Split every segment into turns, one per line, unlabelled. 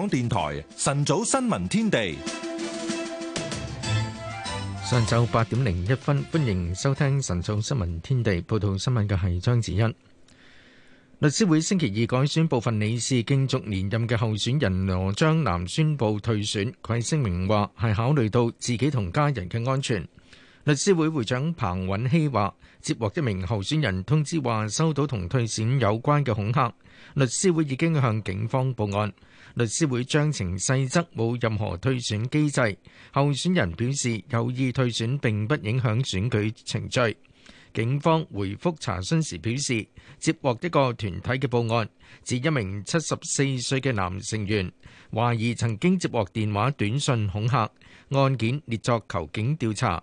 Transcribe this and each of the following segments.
港電台晨早新聞天地，上晝八點零一分，歡迎收聽晨早新聞天地。報道新聞嘅係張子欣。律師會星期二改選部分理事，競逐連任嘅候選人羅章南宣布退選，佢聲明話係考慮到自己同家人嘅安全。律師會會長彭允熙話，接獲一名候選人通知，話收到同退選有關嘅恐嚇，律師會已經向警方報案。律師會章程細則冇任何退選機制。候選人表示有意退選，並不影響選舉程序。警方回覆查詢時表示，接獲一個團體嘅報案，指一名七十四歲嘅男成員懷疑曾經接獲電話、短信恐嚇，案件列作求警調查。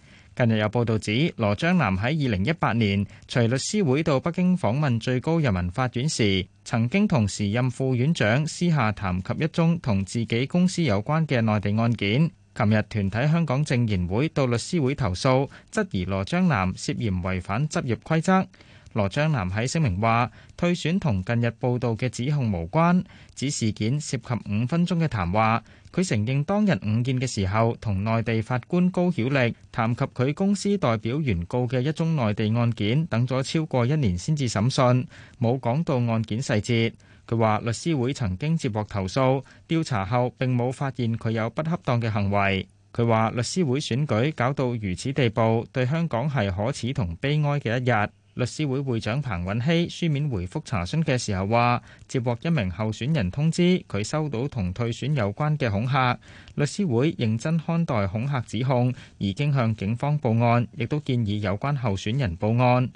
近日有報道指，羅章南喺二零一八年隨律師會到北京訪問最高人民法院時，曾經同時任副院長私下談及一宗同自己公司有關嘅內地案件。琴日團體香港政研會到律師會投訴，質疑羅章南涉嫌違反執業規則，羅章南喺聲明話，退選同近日報道嘅指控無關，指事件涉及五分鐘嘅談話。佢承認當日午宴嘅時候，同內地法官高曉力談及佢公司代表原告嘅一宗內地案件，等咗超過一年先至審訊，冇講到案件細節。佢話律師會曾經接獲投訴，調查後並冇發現佢有不恰當嘅行為。佢話律師會選舉搞到如此地步，對香港係可恥同悲哀嘅一日。律師會會長彭允熙書面回覆查詢嘅時候話，接獲一名候選人通知，佢收到同退選有關嘅恐嚇。律師會認真看待恐嚇指控，已經向警方報案，亦都建議有關候選人報案。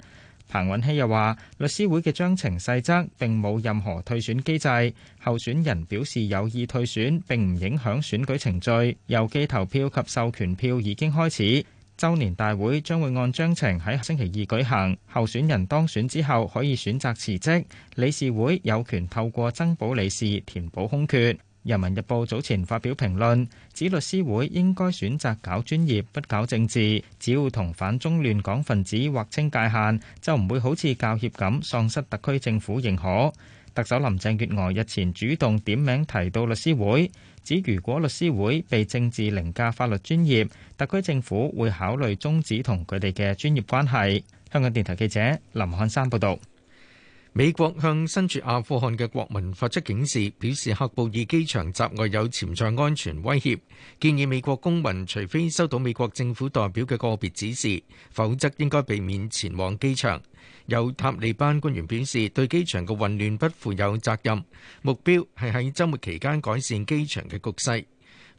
彭允熙又話，律師會嘅章程細則並冇任何退選機制，候選人表示有意退選，並唔影響選舉程序。郵寄投票及授權票已經開始。周年大會將會按章程喺星期二舉行，候選人當選之後可以選擇辭職，理事會有權透過增補理事填補空缺。《人民日報》早前發表評論，指律師會應該選擇搞專業，不搞政治，只要同反中亂港分子劃清界限，就唔會好似教協咁喪失特區政府認可。特首林鄭月娥日前主動點名提到律師會。指如果律師會被政治凌駕法律專業，特區政府會考慮終止同佢哋嘅專業關係。香港電台記者林漢山報道。美國向身處阿富汗嘅國民
發出警示，表示喀布爾機場閘外有潛在安全威脅，建議美國公民除非收到美國政府代表嘅個別指示，否則應該避免前往機場。有塔利班官員表示，對機場嘅混亂不負有責任，目標係喺週末期間改善機場嘅局勢。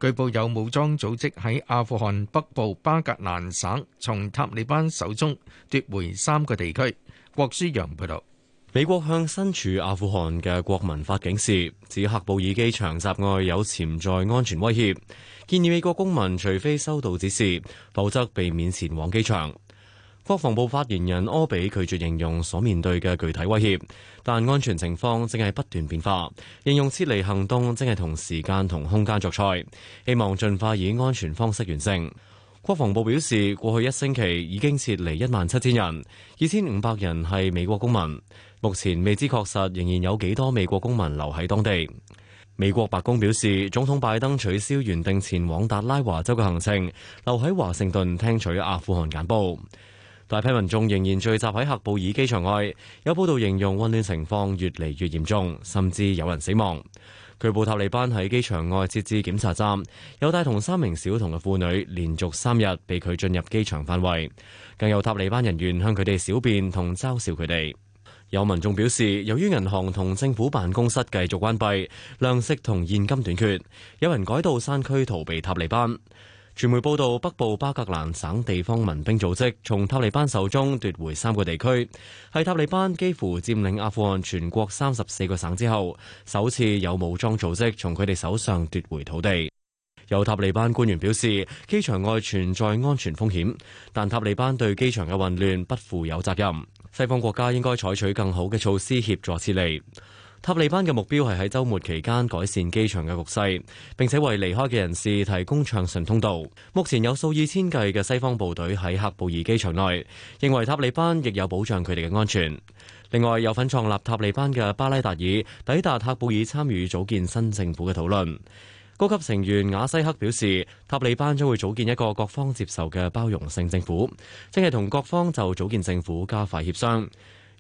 據報有武裝組織喺阿富汗北部巴格蘭省從塔利班手中奪回
三個地區。郭舒陽報導。美國向身處阿富汗嘅國民發警示，指喀布爾機場閘外有潛在安全威脅，建議美國公民除非收到指示，否則避免前往機場。國防部發言人柯比拒絕形容所面對嘅具體威脅，但安全情況正係不斷變化，應用撤離行動正係同時間同空間作賽，希望盡快以安全方式完成。國防部表示，過去一星期已經撤離一萬七千人，二千五百人係美國公民。目前未知確實仍然有幾多美國公民留喺當地。美國白宮表示，總統拜登取消原定前往達拉華州嘅行程，留喺華盛頓聽取阿富汗簡報。大批民眾仍然聚集喺喀布爾機場外，有報道形容混亂情況越嚟越嚴重，甚至有人死亡。據報塔利班喺機場外設置檢查站，有帶同三名小童嘅婦女，連續三日被拒進入機場範圍，更有塔利班人員向佢哋小便同嘲笑佢哋。有民眾表示，由於銀行同政府辦公室繼續關閉，糧食同現金短缺，有人改道山區逃避塔利班。傳媒報道，北部巴格蘭省地方民兵組織從塔利班手中奪回三個地區，喺塔利班幾乎佔領阿富汗全國三十四個省之後，首次有武裝組織從佢哋手上奪回土地。有塔利班官員表示，機場外存在安全風險，但塔利班對機場嘅混亂不負有責任。西方國家應該採取更好嘅措施協助撤離。塔利班嘅目標係喺週末期間改善機場嘅局勢，並且為離開嘅人士提供暢順通道。目前有數以千計嘅西方部隊喺喀布爾機場內，認為塔利班亦有保障佢哋嘅安全。另外，有份創立塔利班嘅巴拉達爾抵達喀布爾，參與組建新政府嘅討論。高級成員瓦西克表示，塔利班將會組建一個各方接受嘅包容性政府，正係同各方就組建政府加快協商。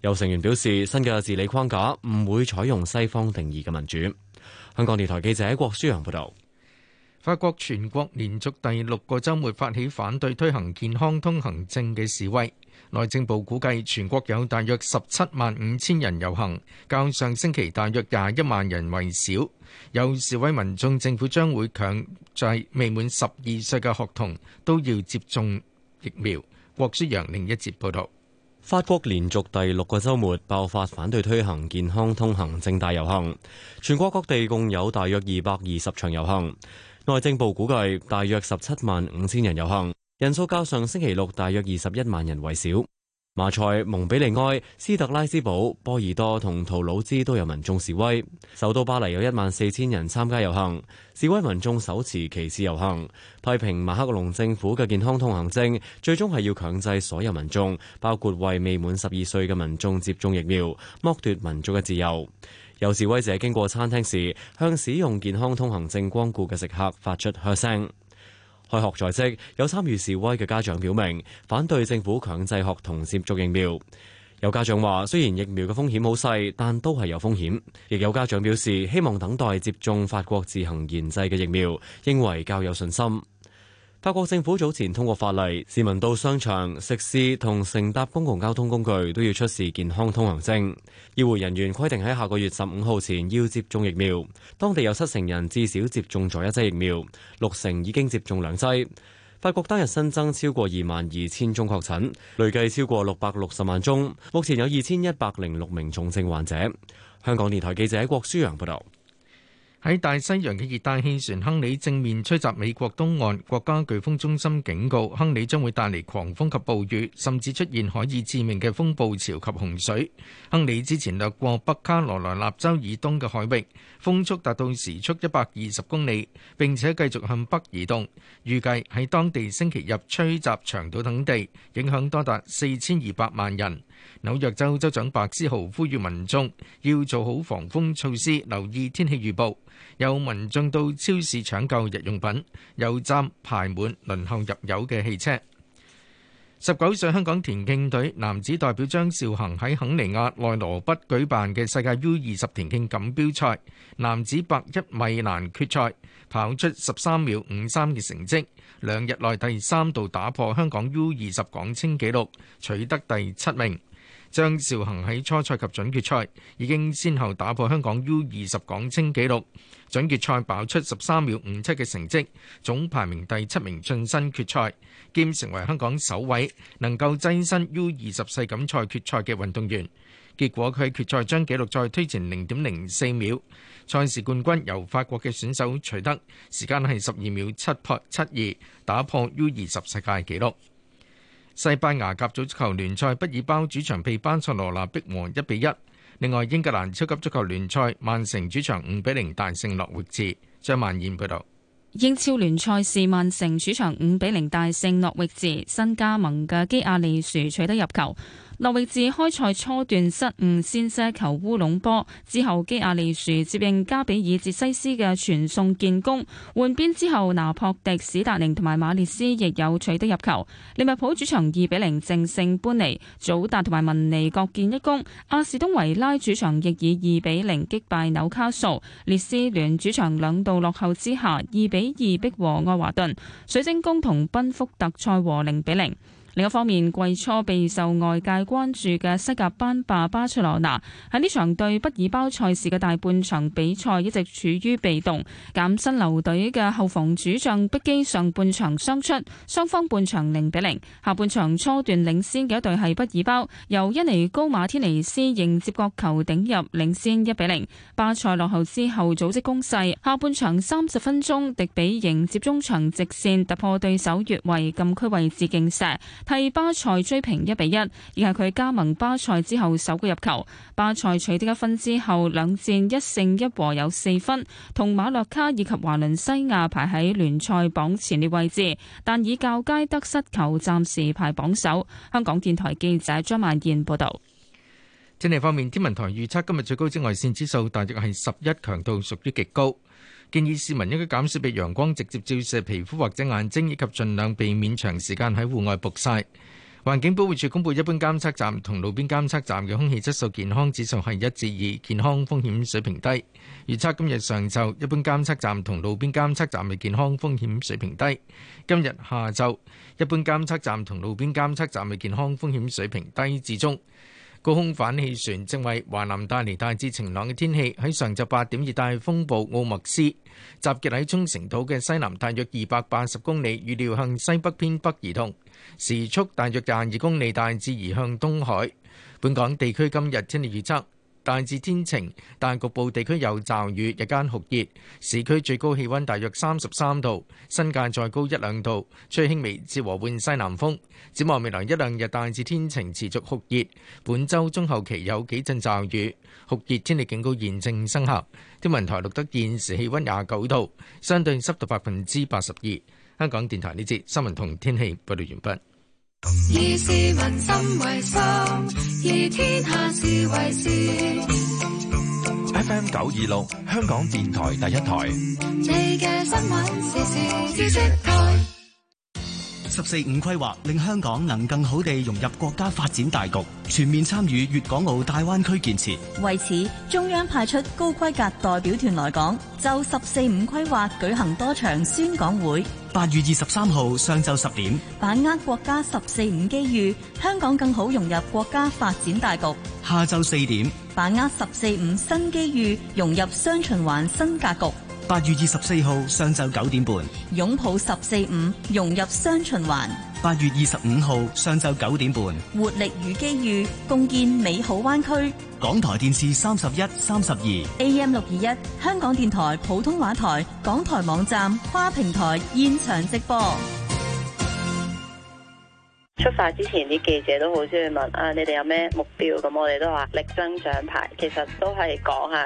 有成員表示，新嘅治理框架唔會採用西方定義嘅民主。香港電台記者郭舒洋報導，法國全國連
續第六個週末發起反對推行健康通行證嘅示威。內政部估計全國有大約十七萬五千人遊行，較上星期大約廿一萬人為少。有示威民眾，政府將會強制未滿十二
歲嘅學童都要接種疫苗。郭舒洋另一節報導。法國連續第六個週末爆發反對推行健康通行證大遊行，全國各地共有大約二百二十場遊行，內政部估計大約十七萬五千人遊行，人數較上星期六大約二十一萬人為少。馬賽、蒙比利埃、斯特拉斯堡、波爾多同圖盧茲都有民眾示威，首都巴黎有一萬四千人參加遊行。示威民眾手持旗幟遊行，批評馬克龍政府嘅健康通行證，最終係要強制所有民眾，包括為未滿十二歲嘅民眾接種疫苗，剝奪民眾嘅自由。有示威者經過餐廳時，向使用健康通行證光顧嘅食客發出噓聲。開學在即，有參與示威嘅家長表明，反對政府強制學童接種疫苗。有家長話：雖然疫苗嘅風險好細，但都係有風險。亦有家長表示，希望等待接種法國自行研製嘅疫苗，認為較有信心。法國政府早前通過法例，市民到商場、食肆同乘搭公共交通工具都要出示健康通行證。醫護人員規定喺下個月十五號前要接種疫苗。當地有七成人至少接種咗一劑疫苗，六成已經接種兩劑。法國當日新增超過二萬二千宗確診，累計超過六百六十萬宗。目前有二千一百零六名重症患者。香港電台記者郭舒揚報道。喺大西洋嘅熱帶氣旋亨利正面吹襲美國東岸，
國家颶風中心警告，亨利將會帶嚟狂風及暴雨，甚至出現可以致命嘅風暴潮及洪水。亨利之前掠過北卡羅來納州以東嘅海域，風速達到時速一百二十公里，並且繼續向北移動，預計喺當地星期日吹襲長島等地，影響多達四千二百萬人。紐約州州長白思豪呼籲民眾要做好防風措施，留意天氣預報。有民眾到超市搶購日用品，油站排滿輪候入油嘅汽車。十九歲香港田徑隊男子代表張紹恒喺肯尼亞內羅畢舉辦嘅世界 U 二十田徑錦標賽男子百一米欄決賽，跑出十三秒五三嘅成績，兩日內第三度打破香港 U 二十港青紀錄，取得第七名。張紹恒喺初賽及準決賽已經先後打破香港 U 二十港青紀錄，準決賽爆出十三秒五七嘅成績，總排名第七名晉身決賽，兼成為香港首位能夠躋身 U 二十世錦賽決賽嘅運動員。結果佢喺決賽將紀錄再推前零點零四秒，賽事冠軍由法國嘅選手取得，時間係十二秒七七二，打破 U 二十世界紀錄。西班牙甲組足球聯賽，畢爾包主場被班塞羅那逼和一比一。另外，英格蘭超級足球聯賽，曼城主場五比零大勝諾域治。張曼燕報道。
英超聯賽是曼城主場五比零大勝諾域治，新加盟嘅基亞利殊取得入球。諾域治開賽初段失誤先射球烏龍波，之後基亞利殊接應加比爾哲西斯嘅傳送建功。換邊之後拿，拿破迪史達寧同埋馬列斯亦有取得入球。利物浦主場二比零淨勝搬尼，祖達同埋文尼各建一功。阿士東維拉主場亦以二比零擊敗紐卡素。列斯聯主場兩度落後之下，二比二逼和愛華頓。水晶宮同賓福特賽和零比零。另一方面，季初備受外界關注嘅西甲班霸巴塞羅那喺呢場對畢爾包賽事嘅大半場比賽一直處於被動，減薪留隊嘅後防主將碧基上半場傷出，雙方半場零比零，0, 下半場初段領先嘅一隊係畢爾包，由印尼高馬天尼斯迎接角球頂入領先一比零。0, 巴塞落後之後組織攻勢，下半場三十分鐘迪比迎接中場直線突破對手越位禁區位置勁射，替巴塞追平一比一，而係佢加盟巴塞之後首個入球。巴塞取得一分之後，兩戰一勝一和，有四分，同馬洛卡以及華倫西亞排喺聯賽榜前列位置，但以較佳得失球暫時排榜首。香港電台記者張曼燕報道。
天氣方面，天文台預測今日最高紫外線指數大約係十一，強度屬於極高。建議市民應該減少被陽光直接照射皮膚或者眼睛，以及盡量避免長時間喺戶外曝曬。環境保護署公布，一般監測站同路邊監測站嘅空氣質素健康指數係一至二，健康風險水平低。預測今日上晝一般監測站同路邊監測站嘅健康風險水平低。今日下晝一般監測站同路邊監測站嘅健康風險水平低至中。高空反氣旋正為華南帶嚟大致晴朗嘅天氣，喺上晝八點熱帶風暴奧麥斯集結喺沖繩島嘅西南，大約二百八十公里，預料向西北偏北移動，時速大約廿二公里，大致移向東海。本港地區今日天氣預測。大致天晴，但局部地區有驟雨，日間酷熱，市區最高氣溫大約三十三度，新界再高一兩度，吹輕微至和緩西南風，展望未來一兩日大，大致天晴持續酷熱，本周中後期有幾陣驟雨，酷熱天氣警告現正生效。天文台錄得現時氣溫廿九度，相對濕度百分之八十二。香港電台呢節新聞同天氣報道完畢。FM 九二六，
香港電台第一台。十四五規劃令香港能更好地融入國家發展大局，全面參與粵港澳大灣區建設。
為此，中央派出高規格代表團來港，就十四五規劃舉行多場宣講會。八月二十三號上晝十點，把握國家十四五機遇，香港更好融入國家發展大局。下晝四點，把握十四五新機遇，融入雙循環新格局。
八月二十四號上晝九點半，
擁抱十四五，融入雙循環。
八月二十五號上晝九點半，
活力與機遇，共建美好灣區。
港台電視三十一、
三十二，AM 六二一，香港電台普通話台，港台網站，跨平台現場直播。
出發之前啲記者都好中意問啊，你
哋有咩目標？咁我哋都話力爭獎牌，其實都係講下，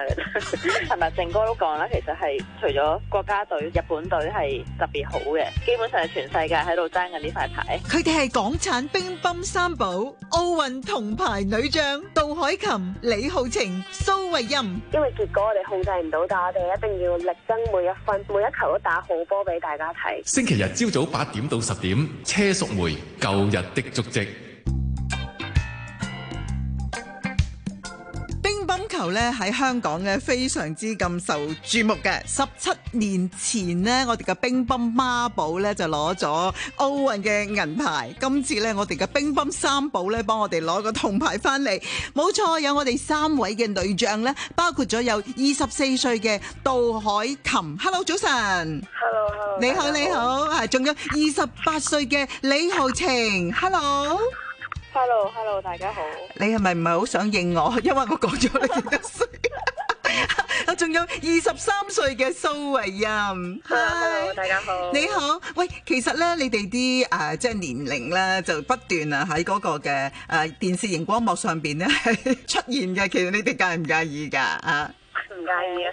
係咪靜哥都講啦？其實係除咗國家隊、日本隊係特別好嘅，基本上係全世界喺度爭緊呢塊牌。佢哋係港產乒乓三寶，奧運銅牌女將杜海琴、李浩晴、蘇慧音。因為結果我哋控制唔
到，但係我哋一定要力爭每一分，每一球都打好波俾大家睇。星期日
朝早八點到十點，車淑梅舊日的足跡。
咧喺香港嘅非常之咁受注目嘅，十七年前呢，我哋嘅乒乓孖寶咧就攞咗奧運嘅銀牌，今次咧我哋嘅乒乓三寶咧幫我哋攞個銅牌翻嚟，冇錯，有我哋三位嘅女將咧，包括咗有二十四歲嘅杜海琴，Hello 早晨，Hello，你 hello，好你好，係仲 hello 有二十八歲嘅李浩晴，Hello。Hello，Hello，Hello，大家好。你係咪唔係好想認我？因為我講咗你幾多歲，我仲 有二十三歲嘅蘇慧音。Hello，Hello，大家好。你好，喂，其實咧，你哋啲誒、即、呃、係、就是、年齡咧，就不斷啊喺嗰個嘅誒、呃、電視熒光幕上邊咧出現嘅。其實你哋介唔介意噶？啊，唔介意啊。